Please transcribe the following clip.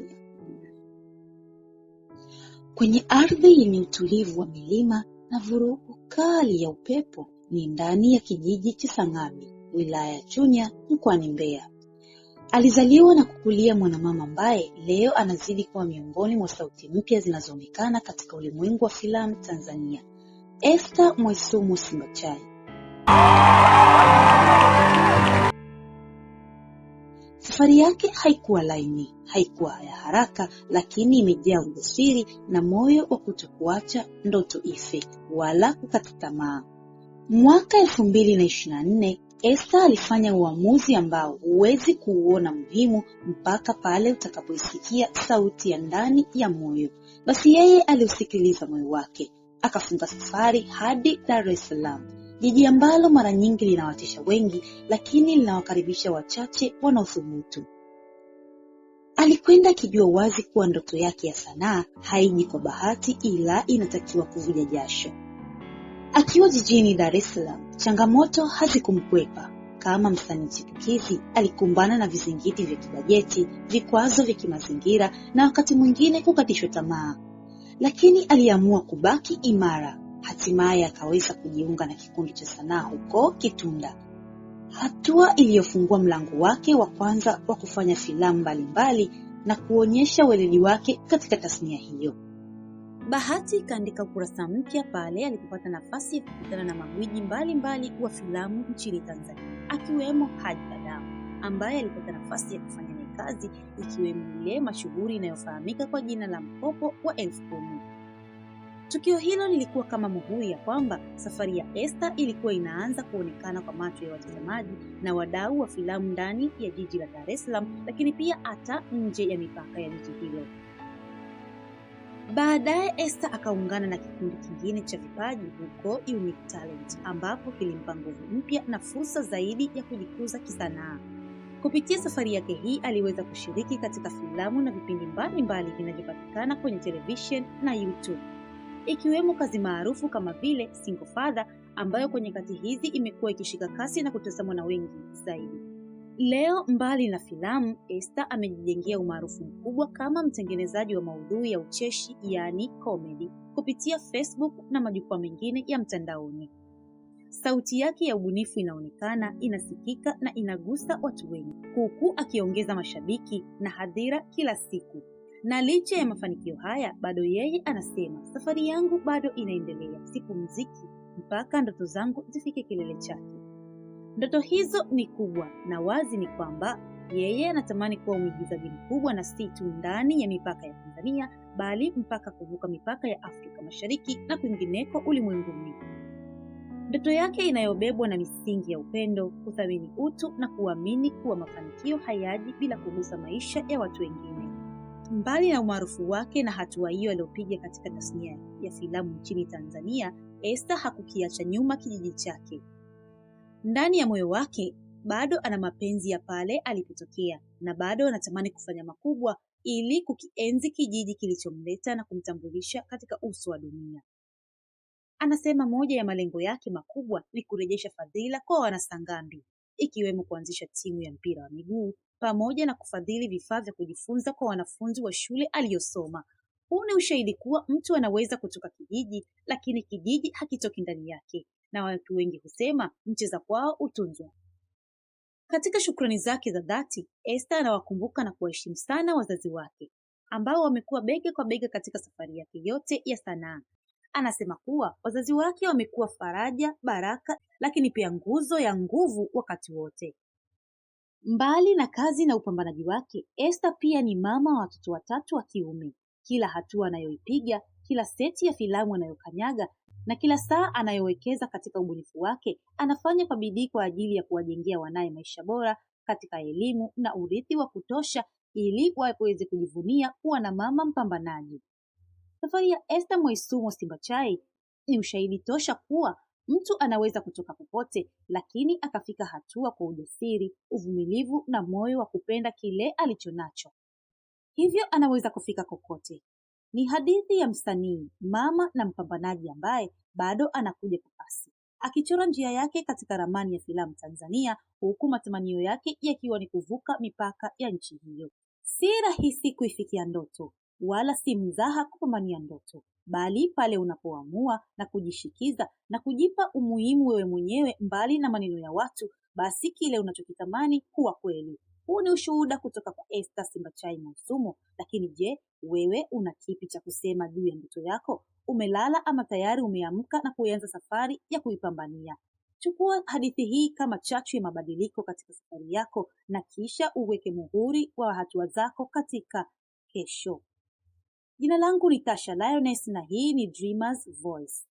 dunia. Kwenye ardhi yenye utulivu wa milima na vurugu kali ya upepo, ni ndani ya kijiji cha Sang'abi, wilaya ya Chunya, mkoani Mbeya. Alizaliwa na kukulia mwanamama ambaye leo anazidi kuwa miongoni mwa sauti mpya zinazoonekana katika ulimwengu wa filamu Tanzania, Esther Mwesumu Simbachai. Safari yake haikuwa laini, haikuwa ya haraka, lakini imejaa ujasiri na moyo wa kutokuacha ndoto ife wala kukata tamaa. Mwaka elfu mbili na ishirini na nne Esta alifanya uamuzi ambao huwezi kuuona muhimu mpaka pale utakapoisikia sauti ya ndani ya moyo. Basi yeye aliusikiliza moyo wake, akafunga safari hadi Dar es Salaam jiji ambalo mara nyingi linawatisha wengi, lakini linawakaribisha wachache wanaothubutu. Alikwenda akijua wazi kuwa ndoto yake ya sanaa haiji kwa bahati, ila inatakiwa kuvuja jasho. Akiwa jijini Dar es Salaam, changamoto hazikumkwepa. Kama msanii chipukizi, alikumbana na vizingiti vya kibajeti, vikwazo vya kimazingira na wakati mwingine kukatishwa tamaa, lakini aliamua kubaki imara hatimaye akaweza kujiunga na kikundi cha sanaa huko Kitunda, hatua iliyofungua mlango wake wa kwanza wa kufanya filamu mbalimbali na kuonyesha weledi wake katika tasnia hiyo. Bahati ikaandika ukurasa mpya pale alipopata nafasi ya kukutana na magwiji mbalimbali wa filamu nchini Tanzania, akiwemo Haji Adamu ambaye alipata nafasi ya kufanya naye kazi, ikiwemo ile mashuhuri inayofahamika kwa jina la Mkopo wa elfu kumi. Tukio hilo lilikuwa kama muhuri ya kwamba safari ya Esther ilikuwa inaanza kuonekana kwa macho ya watazamaji na wadau wa filamu ndani ya jiji la Dar es Salaam, lakini pia hata nje ya mipaka ya jiji hilo. Baadaye Esther akaungana na kikundi kingine cha vipaji huko Unique Talent, ambapo kilimpa nguvu mpya na fursa zaidi ya kujikuza kisanaa. Kupitia safari yake hii aliweza kushiriki katika filamu na vipindi mbalimbali vinavyopatikana kwenye television na YouTube ikiwemo kazi maarufu kama vile Single Father ambayo kwa nyakati hizi imekuwa ikishika kasi na kutazamwa na wengi zaidi. Leo, mbali na filamu, Esther amejijengea umaarufu mkubwa kama mtengenezaji wa maudhui ya ucheshi, yaani comedy, kupitia Facebook na majukwaa mengine ya mtandaoni. Sauti yake ya ubunifu inaonekana, inasikika na inagusa watu wengi, huku akiongeza mashabiki na hadhira kila siku na licha ya mafanikio haya, bado yeye anasema safari yangu bado inaendelea, sipumziki mpaka ndoto zangu zifike kilele chake. Ndoto hizo ni kubwa na wazi ni kwamba yeye anatamani kuwa mwigizaji mkubwa na si tu ndani ya mipaka ya Tanzania, bali mpaka kuvuka mipaka ya Afrika Mashariki na kwingineko ulimwenguni. Ndoto yake inayobebwa na misingi ya upendo, kuthamini utu na kuamini kuwa mafanikio hayaji bila kugusa maisha ya watu wengine. Mbali na umaarufu wake na hatua hiyo aliyopiga katika tasnia ya filamu nchini Tanzania, Esther hakukiacha nyuma kijiji chake. Ndani ya moyo wake bado ana mapenzi ya pale alipotokea na bado anatamani kufanya makubwa ili kukienzi kijiji kilichomleta na kumtambulisha katika uso wa dunia. Anasema moja ya malengo yake makubwa ni kurejesha fadhila kwa wanasangambi, ikiwemo kuanzisha timu ya mpira wa miguu pamoja na kufadhili vifaa vya kujifunza kwa wanafunzi wa shule aliyosoma. Huu ni ushahidi kuwa mtu anaweza kutoka kijiji, lakini kijiji hakitoki ndani yake, na watu wengi husema nchi za kwao hutunzwa. Katika shukrani zake za dhati, Esther anawakumbuka na kuwaheshimu sana wazazi wake ambao wamekuwa bega kwa bega katika safari yake yote ya sanaa. Anasema kuwa wazazi wake wamekuwa faraja, baraka, lakini pia nguzo ya nguvu wakati wote. Mbali na kazi na upambanaji wake, Esther pia ni mama wa watoto watatu wa kiume. Kila hatua anayoipiga, kila seti ya filamu anayokanyaga na kila saa anayowekeza katika ubunifu wake, anafanya kwa bidii kwa ajili ya kuwajengea wanaye maisha bora katika elimu na urithi wa kutosha ili waweze kujivunia kuwa na mama mpambanaji. Safari ya Esther Mwaisumo Simbachai ni ushahidi tosha kuwa Mtu anaweza kutoka popote, lakini akafika hatua kwa ujasiri, uvumilivu na moyo wa kupenda kile alichonacho, hivyo anaweza kufika kokote. Ni hadithi ya msanii, mama na mpambanaji ambaye bado anakuja kwa kasi, akichora njia yake katika ramani ya filamu Tanzania, huku matamanio yake yakiwa ni kuvuka mipaka ya nchi hiyo. Si rahisi kuifikia ndoto, wala si mzaha kupambania ndoto bali pale unapoamua na kujishikiza na kujipa umuhimu wewe mwenyewe mbali na maneno ya watu, basi kile unachokitamani huwa kweli. Huu ni ushuhuda kutoka kwa Esther Simbachai Masumo. Lakini je, wewe una kipi cha kusema juu ya ndoto yako? Umelala ama tayari umeamka na kuanza safari ya kuipambania? Chukua hadithi hii kama chachu ya mabadiliko katika safari yako, na kisha uweke muhuri wa hatua zako katika kesho. Jina langu ni Tasha Lioness na hii ni Dreamers Voice.